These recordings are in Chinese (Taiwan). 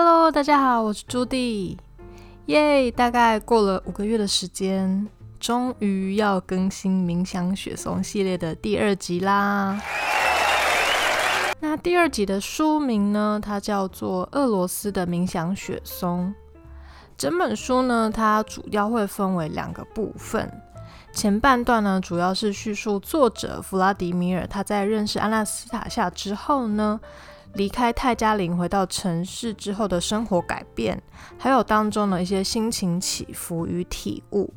Hello，大家好，我是朱迪，耶、yeah！大概過了五個月的時間，終於要更新《鳴響雪松》系列的第二集啦。 那第二集的書名呢，它叫做《俄羅斯的鳴響雪松》。整本書呢，它主要會分為兩個部分，前半段呢，主要是敘述作者弗拉迪米爾他在認識阿納斯塔夏之後呢。離開泰加林回到城市之後的生活改變，還有當中的一些心情起伏與體悟。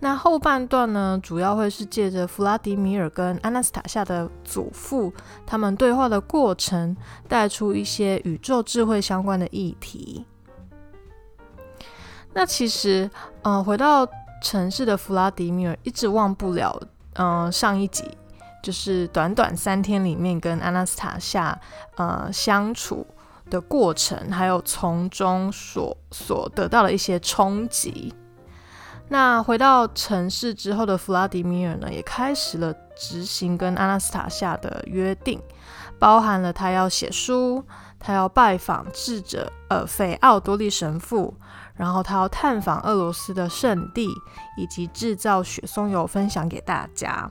那後半段呢，主要會是借着弗拉迪米爾跟阿納絲塔夏的祖父他們對話的過程，帶出一些宇宙智慧相關的議題。那其實，嗯、呃，回到城市的弗拉迪米爾一直忘不了，嗯、呃，上一集。就是短短三天裡面，跟阿納斯塔夏呃相處的過程，還有從中所所得到的一些衝擊。那回到城市之後的弗拉迪米爾呢，也開始了執行跟阿納斯塔夏的約定，包含了他要寫書，他要拜訪智者爾費奧多利神父，然後他要探訪俄羅斯的聖地，以及製造雪松油分享給大家。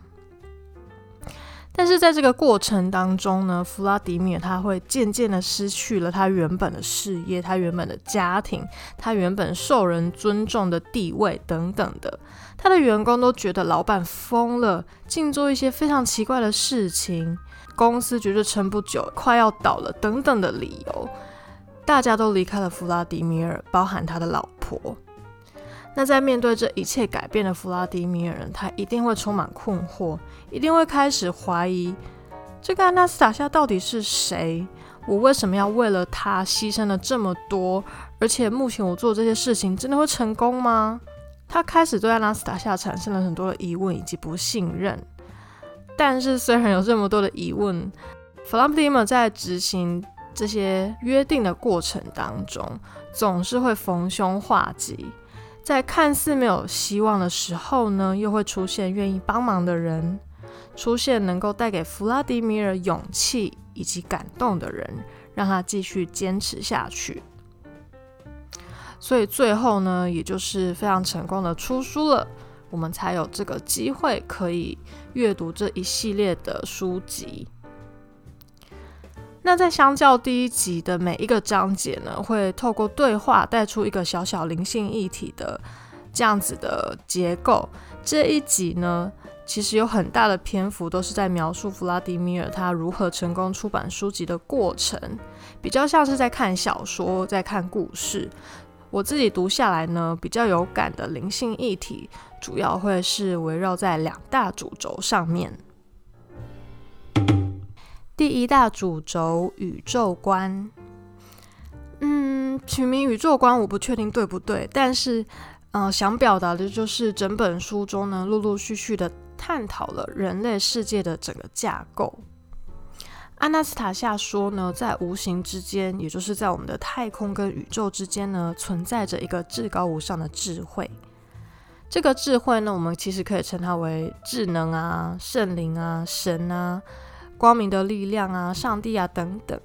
但是在這個過程當中呢，弗拉迪米爾他會漸漸的失去了他原本的事業、他原本的家庭、他原本受人尊重的地位等等的。他的員工都覺得老闆瘋了，竟做一些非常奇怪的事情，公司絕對撐不久，快要倒了等等的理由，大家都離開了弗拉迪米爾，包含他的老婆。那在面對這一切改變的弗拉迪米爾人，他一定會充滿困惑，一定會開始懷疑這個阿納絲塔夏到底是誰？我為什麼要為了他犧牲了這麼多？而且目前我做這些事情真的會成功嗎？他開始對阿納絲塔夏產生了很多的疑問以及不信任。但是雖然有這麼多的疑問，弗拉迪米爾在執行這些約定的過程當中，總是會逢凶化吉。在看似沒有希望的時候呢，又會出現願意幫忙的人，出現能夠帶給弗拉迪米爾勇氣以及感動的人，讓他繼續堅持下去。所以最後呢，也就是非常成功的出書了，我們才有這個機會可以閱讀這一系列的書籍。那在相較第一集的每一個章節呢，會透過對話帶出一個小小靈性議題的這樣子的結構。這一集呢，其實有很大的篇幅都是在描述弗拉迪米爾他如何成功出版書籍的過程，比較像是在看小說，在看故事。我自己讀下來呢，比較有感的靈性議題，主要會是圍繞在兩大主軸上面。第一大主軸宇宙觀，嗯，取名宇宙觀我不確定對不對，但是，呃，想表達的就是整本書中呢，陸陸續續的探討了人類世界的整個架構。阿納絲塔夏說呢，在無形之間，也就是在我們的太空跟宇宙之間呢，存在着一個至高無上的智慧。這個智慧呢，我們其實可以稱它為智能啊、聖靈啊、神啊。光明的力量啊，上帝啊，等等，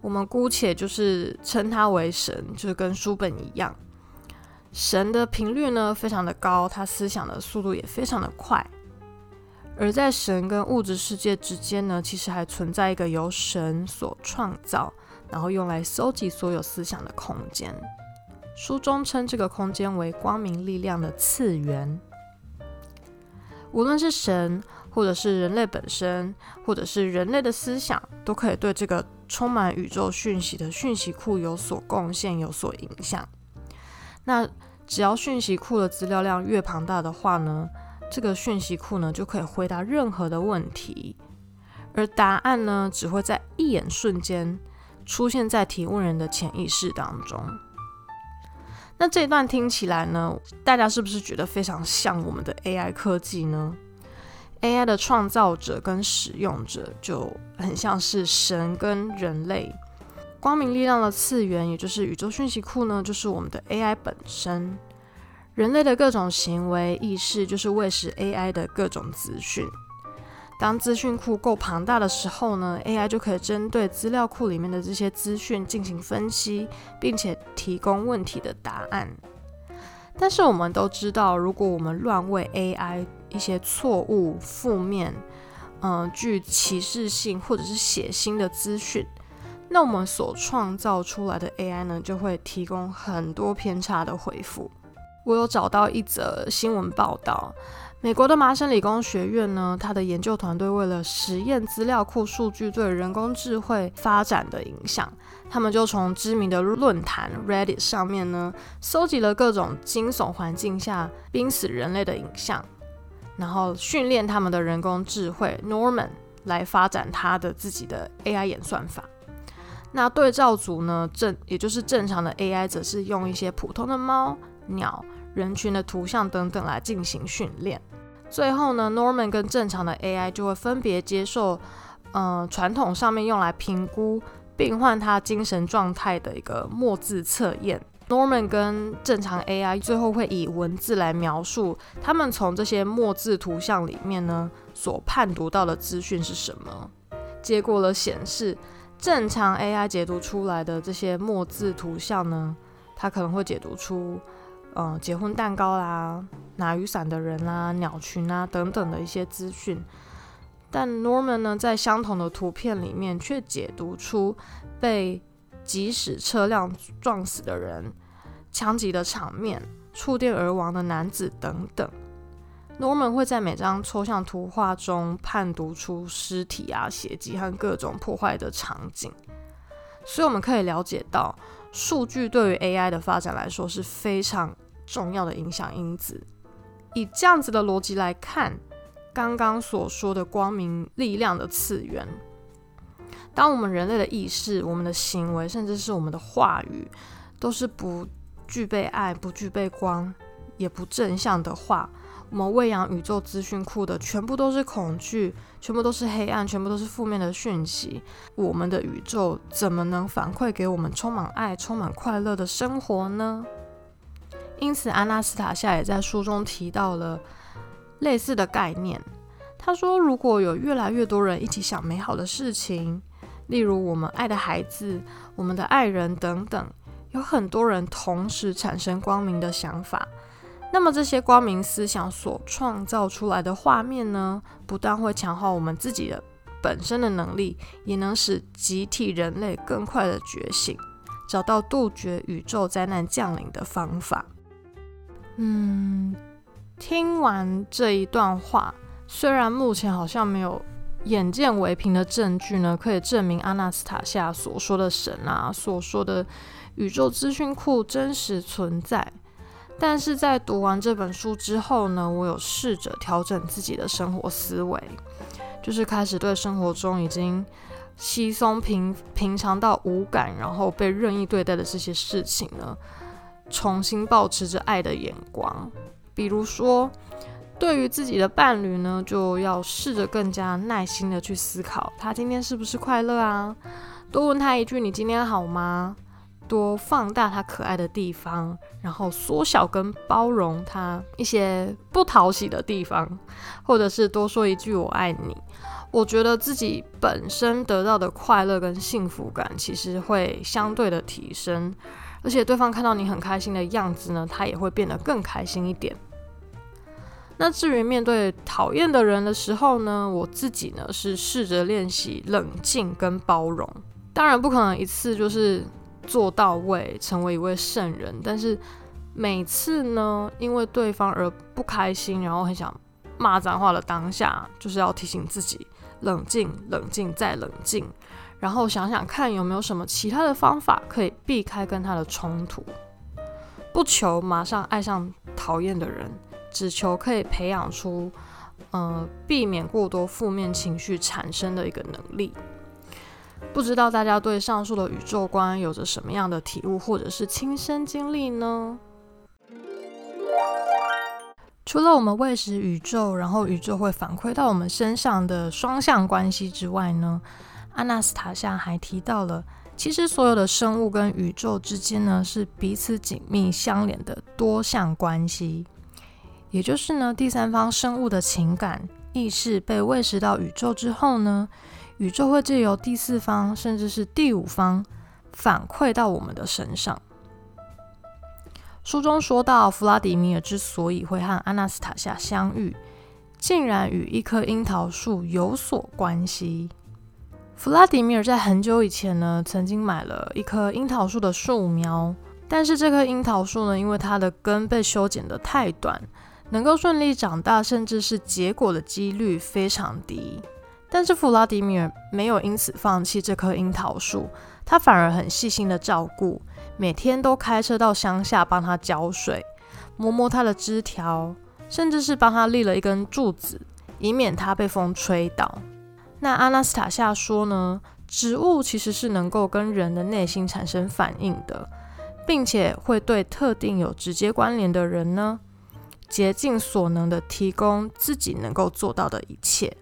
我們姑且就是稱它為神，就是跟書本一樣。神的頻率呢，非常的高，它思想的速度也非常的快。而在神跟物質世界之間呢，其實還存在一個由神所創造，然後用來蒐集所有思想的空間。書中稱這個空間為光明力量的次元。無論是神。或者是人類本身，或者是人類的思想，都可以對這個充滿宇宙訊息的訊息庫有所貢獻、有所影響。那只要訊息庫的資料量越龐大的話呢，這個訊息庫呢就可以回答任何的問題，而答案呢只會在一眼瞬間出現在提問人的潛意識當中。那這一段聽起來呢，大家是不是覺得非常像我們的 AI 科技呢？AI 的創造者跟使用者就很像是神跟人類，光明力量的次元，也就是宇宙訊息庫呢，就是我們的 AI 本身。人類的各種行為、意識就是餵食 AI 的各種資訊。當資訊庫夠龐大的時候呢，AI 就可以針對資料庫裡面的這些資訊進行分析，並且提供問題的答案。但是我們都知道，如果我們亂餵 AI，一些錯誤、負面、嗯、呃，具歧視性或者是血腥的資訊，那我們所創造出來的 AI 呢，就會提供很多偏差的回復。我有找到一則新聞報道，美國的麻省理工學院呢，他的研究團隊為了實驗資料庫數據對人工智慧發展的影響，他們就從知名的論壇 Reddit 上面呢，蒐集了各種驚悚環境下瀕死人類的影像。然後訓練他們的人工智慧 Norman 來發展他的自己的 AI 演算法。那對照組呢，正也就是正常的 AI，則是用一些普通的貓、鳥、人群的圖像等等來進行訓練。最後呢，Norman 跟正常的 AI 就會分別接受，嗯、呃，傳統上面用來評估病患他精神狀態的一個墨漬測驗。Norman 跟正常 AI 最後會以文字來描述他們從這些墨漬圖像裡面呢所判讀到的資訊是什麼。結果了顯示，正常 AI 解讀出來的這些墨漬圖像呢，它可能會解讀出，呃，結婚蛋糕啦、拿雨傘的人啦、鳥群啊等等的一些資訊。但 Norman 呢，在相同的圖片裡面卻解讀出被急駛車輛撞死的人、槍擊的場面、觸電而亡的男子等等，Norman 會在每張抽象圖畫中判讀出屍體啊、血跡和各種破壞的場景，所以我們可以了解到，數據對於 AI 的發展來說是非常重要的影響因子。以這樣子的邏輯來看，剛剛所說的光明力量的次元，當我們人類的意識、我們的行為，甚至是我們的話語，都是不。具備愛，不具備光，也不正向的話，我們餵養宇宙資訊庫的全部都是恐懼，全部都是黑暗，全部都是負面的訊息。我們的宇宙怎麼能反饋給我們充滿愛、充滿快樂的生活呢？因此，阿納絲塔夏也在書中提到了類似的概念。他說，如果有越來越多人一起想美好的事情，例如我們愛的孩子、我們的愛人等等。有很多人同時產生光明的想法，那麼這些光明思想所創造出來的畫面呢，不但會強化我們自己的本身的能力，也能使集體人類更快的覺醒，找到杜絕宇宙災難降臨的方法。嗯，聽完這一段話，雖然目前好像沒有。眼見為憑的證據呢，可以證明阿納絲塔夏所說的神啊，所說的宇宙資訊庫真實存在。但是在讀完這本書之後呢，我有試着調整自己的生活思維，就是開始對生活中已經稀鬆平平常到無感，然後被任意對待的這些事情呢，重新保持着愛的眼光。比如說。對於自己的伴侶呢，就要試着更加耐心的去思考，他今天是不是快樂啊？多問他一句“你今天好嗎？”多放大他可愛的地方，然後縮小跟包容他一些不討喜的地方，或者是多說一句“我愛你”，我覺得自己本身得到的快樂跟幸福感其實會相對的提升，而且對方看到你很開心的樣子呢，他也會變得更開心一點。那至於面對討厭的人的時候呢，我自己呢是試着練習冷靜跟包容。當然不可能一次就是做到位，成為一位聖人。但是每次呢，因為對方而不開心，然後很想罵髒話的當下，就是要提醒自己冷靜、冷靜，再冷靜，然後想想看有沒有什麼其他的方法可以避開跟他的衝突。不求馬上愛上討厭的人。只求可以培養出，呃，避免過多負面情緒產生的一個能力。不知道大家對上述的宇宙觀有着什麼樣的體悟，或者是親身經歷呢？除了我們餵食宇宙，然後宇宙會反饋到我們身上的雙向關係之外呢，阿納絲塔夏還提到了，其實所有的生物跟宇宙之間呢，是彼此緊密相連的多向關係。也就是呢，第三方生物的情感意識被餵食到宇宙之後呢，宇宙會借由第四方甚至是第五方反饋到我們的身上。書中說到，弗拉迪米爾之所以會和阿納絲塔夏相遇，竟然與一棵櫻桃樹有所關係。弗拉迪米爾在很久以前呢，曾經買了一棵櫻桃樹的樹苗，但是這棵櫻桃樹呢，因為它的根被修剪得太短。能夠順利長大，甚至是結果的幾率非常低。但是弗拉迪米爾沒有因此放棄這棵櫻桃樹，他反而很細心地照顧，每天都開車到鄉下幫他澆水，摸摸他的枝條，甚至是幫他立了一根柱子，以免他被風吹倒。那阿納絲塔夏說呢？植物其實是能夠跟人的內心產生反應的，並且會對特定有直接關聯的人呢，竭盡所能的提供自己能夠做到的一切，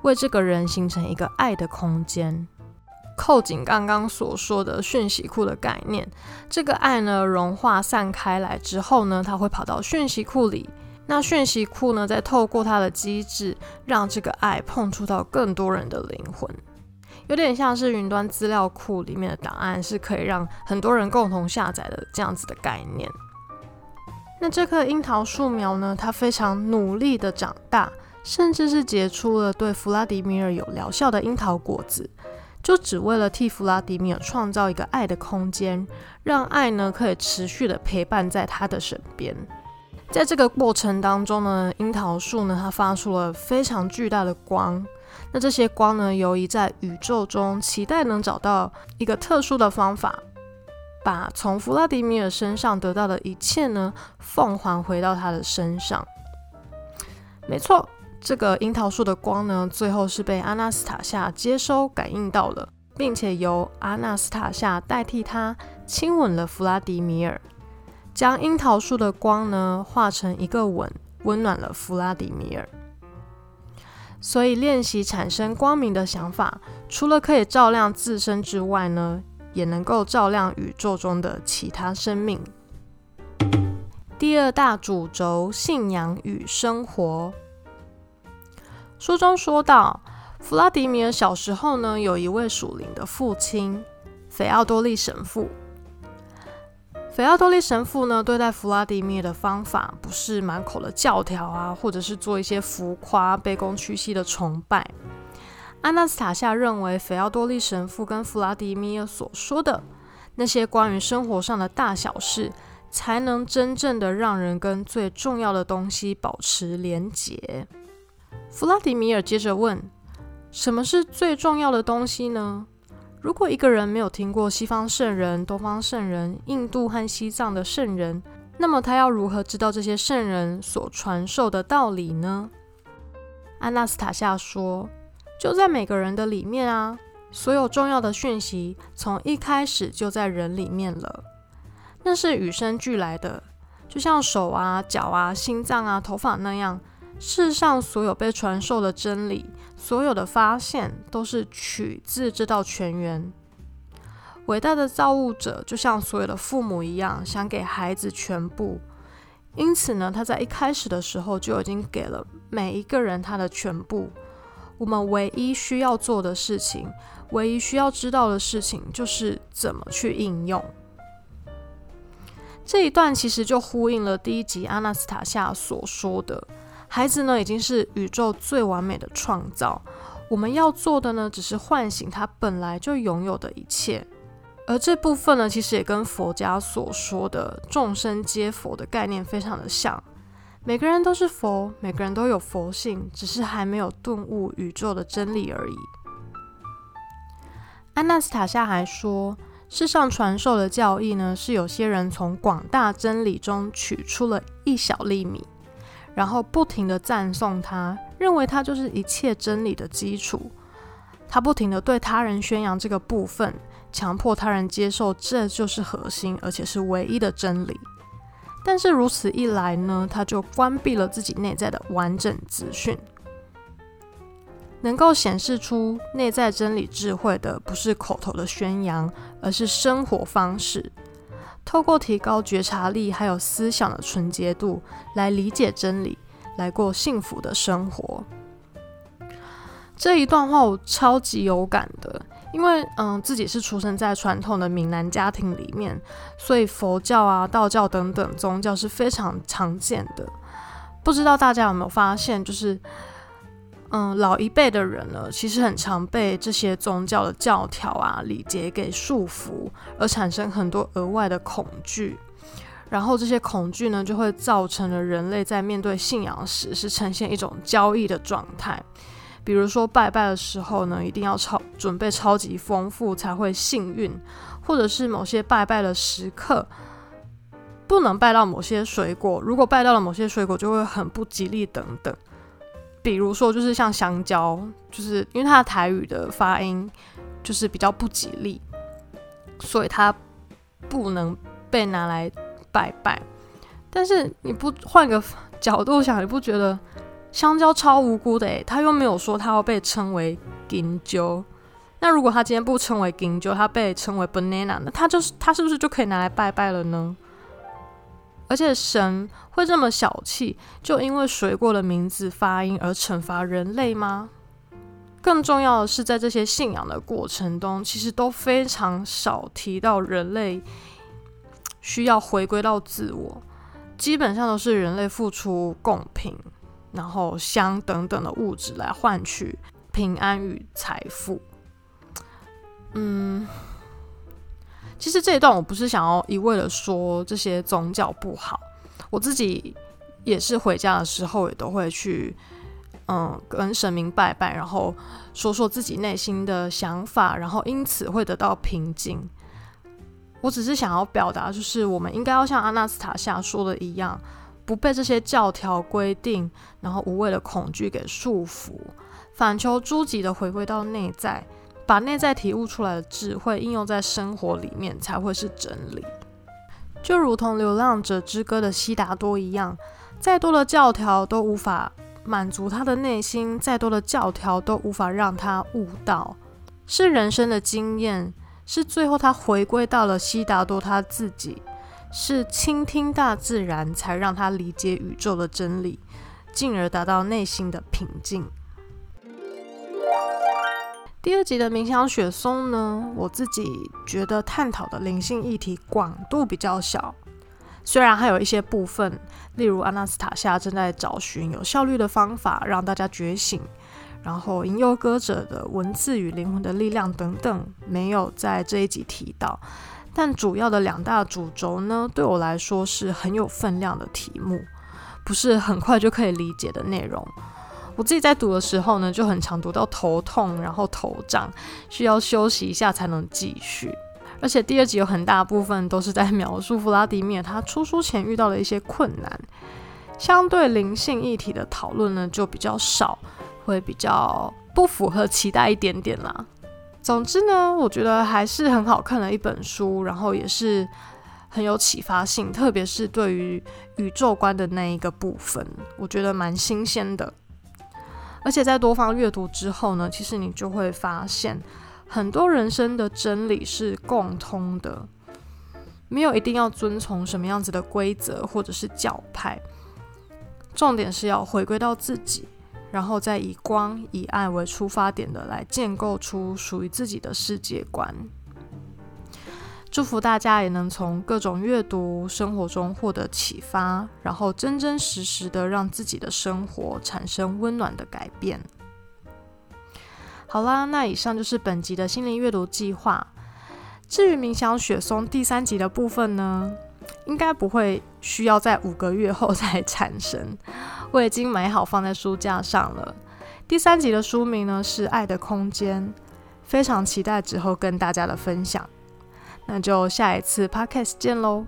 為這個人形成一個愛的空間。扣緊剛剛所說的訊息庫的概念，這個愛呢，融化散開來之後呢，它會跑到訊息庫裡。那訊息庫呢，再透過它的機制，讓這個愛碰觸到更多人的靈魂。有點像是雲端資料庫裡面的檔案，是可以讓很多人共同下載的這樣子的概念。那這棵櫻桃樹苗呢，它非常努力地長大，甚至是結出了對弗拉迪米爾有療效的櫻桃果子，就只為了替弗拉迪米爾創造一個愛的空間，讓愛呢可以持續地陪伴在他的身邊。在這個過程當中呢，櫻桃樹呢它發出了非常巨大的光。那這些光呢，由於在宇宙中，期待能找到一個特殊的方法，把從弗拉迪米爾身上得到的一切呢，奉還回到他的身上。沒錯，這個櫻桃樹的光呢，最後是被阿納斯塔夏接收感應到了，並且由阿納斯塔夏代替他親吻了弗拉迪米爾，將櫻桃樹的光呢化成一個吻，溫暖了弗拉迪米爾。所以練習產生光明的想法，除了可以照亮自身之外呢，也能夠照亮宇宙中的其他生命。第二大主軸：信仰與生活。書中說到，弗拉迪米爾小時候呢，有一位屬靈的父親——菲奧多利神父。菲奧多利神父呢，對待弗拉迪米爾的方法，不是滿口的教條啊，或者是做一些浮誇、卑躬屈膝的崇拜。阿納絲塔夏認為，菲奧多利神父跟弗拉迪米爾所說的那些關於生活上的大小事，才能真正的讓人跟最重要的東西保持連結。弗拉迪米爾接着問：“什麼是最重要的東西呢？如果一個人沒有聽過西方聖人、東方聖人、印度和西藏的聖人，那麼他要如何知道這些聖人所傳授的道理呢？”阿納絲塔夏說。就在每個人的裡面啊，所有重要的訊息從一開始就在人裡面了。那是與生俱來的，就像手啊、腳啊、心臟啊、頭髮那樣。世上所有被傳授的真理，所有的發現，都是取自這道泉源。偉大的造物者就像所有的父母一樣，想給孩子全部。因此呢，他在一開始的時候就已經給了每一個人他的全部。我們唯一需要做的事情，唯一需要知道的事情，就是怎麼去應用。這一段其實就呼應了第一集阿納斯塔夏所說的：“孩子呢，已經是宇宙最完美的創造，我們要做的呢，只是喚醒他本來就擁有的一切。”而這部分呢，其實也跟佛家所說的“眾生皆佛”的概念非常的像。每個人都是佛，每個人都有佛性，只是還沒有頓悟宇宙的真理而已。阿納絲塔夏還說，世上傳授的教義呢，是有些人從廣大真理中取出了一小粒米，然後不停地讚頌它，認為它就是一切真理的基礎。他不停地對他人宣揚這個部分，強迫他人接受這就是核心，而且是唯一的真理。但是如此一來呢，他就關閉了自己內在的完整資訊。能夠顯示出內在真理智慧的，不是口頭的宣揚，而是生活方式。透過提高覺察力，還有思想的純潔度，來理解真理，來過幸福的生活。這一段話我超級有感的。因為嗯，自己是出生在傳統的閩南家庭裡面，所以佛教啊、道教等等宗教是非常常見的。不知道大家有沒有發現，就是嗯，老一輩的人呢，其實很常被這些宗教的教條啊、禮節給束縛，而產生很多額外的恐懼。然後這些恐懼呢，就會造成了人類在面對信仰時，是呈現一種交易的狀態。比如說拜拜的時候呢，一定要超準備超級豐富才會幸運，或者是某些拜拜的時刻不能拜到某些水果，如果拜到了某些水果就會很不吉利等等。比如說就是像香蕉，就是因為它的台語的發音就是比較不吉利，所以它不能被拿來拜拜。但是你不換個角度想，你不覺得？香蕉超無辜的、欸、他又沒有說他要被稱為金蕉。那如果他今天不稱為金蕉，他被稱為 banana，那他就是他是不是就可以拿來拜拜了呢？而且神會這麼小氣，就因為水果的名字發音而懲罰人類嗎？更重要的是，在這些信仰的過程中，其實都非常少提到人類需要回歸到自我，基本上都是人類付出貢品。然後香等等的物質來換取平安與財富。嗯，其實這一段我不是想要一味的說這些宗教不好，我自己也是回家的時候也都會去，嗯，跟神明拜拜，然後說說自己內心的想法，然後因此會得到平靜。我只是想要表達，就是我們應該要像阿納斯塔夏說的一樣。不被這些教條規定，然後無謂的恐懼給束縛，反求諸己的回歸到內在，把內在體悟出來的智慧應用在生活裡面，才會是真理。就如同《流浪者之歌》的悉達多一樣，再多的教條都無法滿足他的內心，再多的教條都無法讓他悟道，是人生的經驗，是最後他回歸到了悉達多他自己。是傾聽大自然，才讓他理解宇宙的真理，進而達到內心的平靜。第二集的鳴響雪松呢，我自己覺得探討的靈性議題廣度比較小，雖然還有一些部分，例如阿納絲塔夏正在找尋有效率的方法讓大家覺醒，然後吟遊歌者的文字與靈魂的力量等等，沒有在這一集提到。但主要的兩大主軸呢，對我來說是很有分量的題目，不是很快就可以理解的內容。我自己在讀的時候呢，就很常讀到頭痛，然後頭脹，需要休息一下才能繼續。而且第二集有很大部分都是在描述弗拉迪米爾他出書前遇到了一些困難，相對靈性議題的討論呢，就比較少，會比較不符合期待一點點啦。總之呢，我覺得還是很好看的一本書，然後也是很有啟發性，特別是對於宇宙觀的那一個部分，我覺得蠻新鮮的。而且在多方閱讀之後呢，其實你就會發現，很多人生的真理是共通的，沒有一定要遵從什麼樣子的規則或者是教派，重點是要回歸到自己。然後再以光、以愛為出發點的來建構出屬於自己的世界觀。祝福大家也能從各種閱讀生活中獲得啟發，然後真真實實的讓自己的生活產生溫暖的改變。好啦，那以上就是本集的心靈閱讀計劃。至於鳴響雪松第三集的部分呢，應該不會需要在五個月後才產生。我已經買好，放在書架上了。第三集的書名呢是《愛的空間》，非常期待之後跟大家的分享。那就下一次 Podcast 見嘍！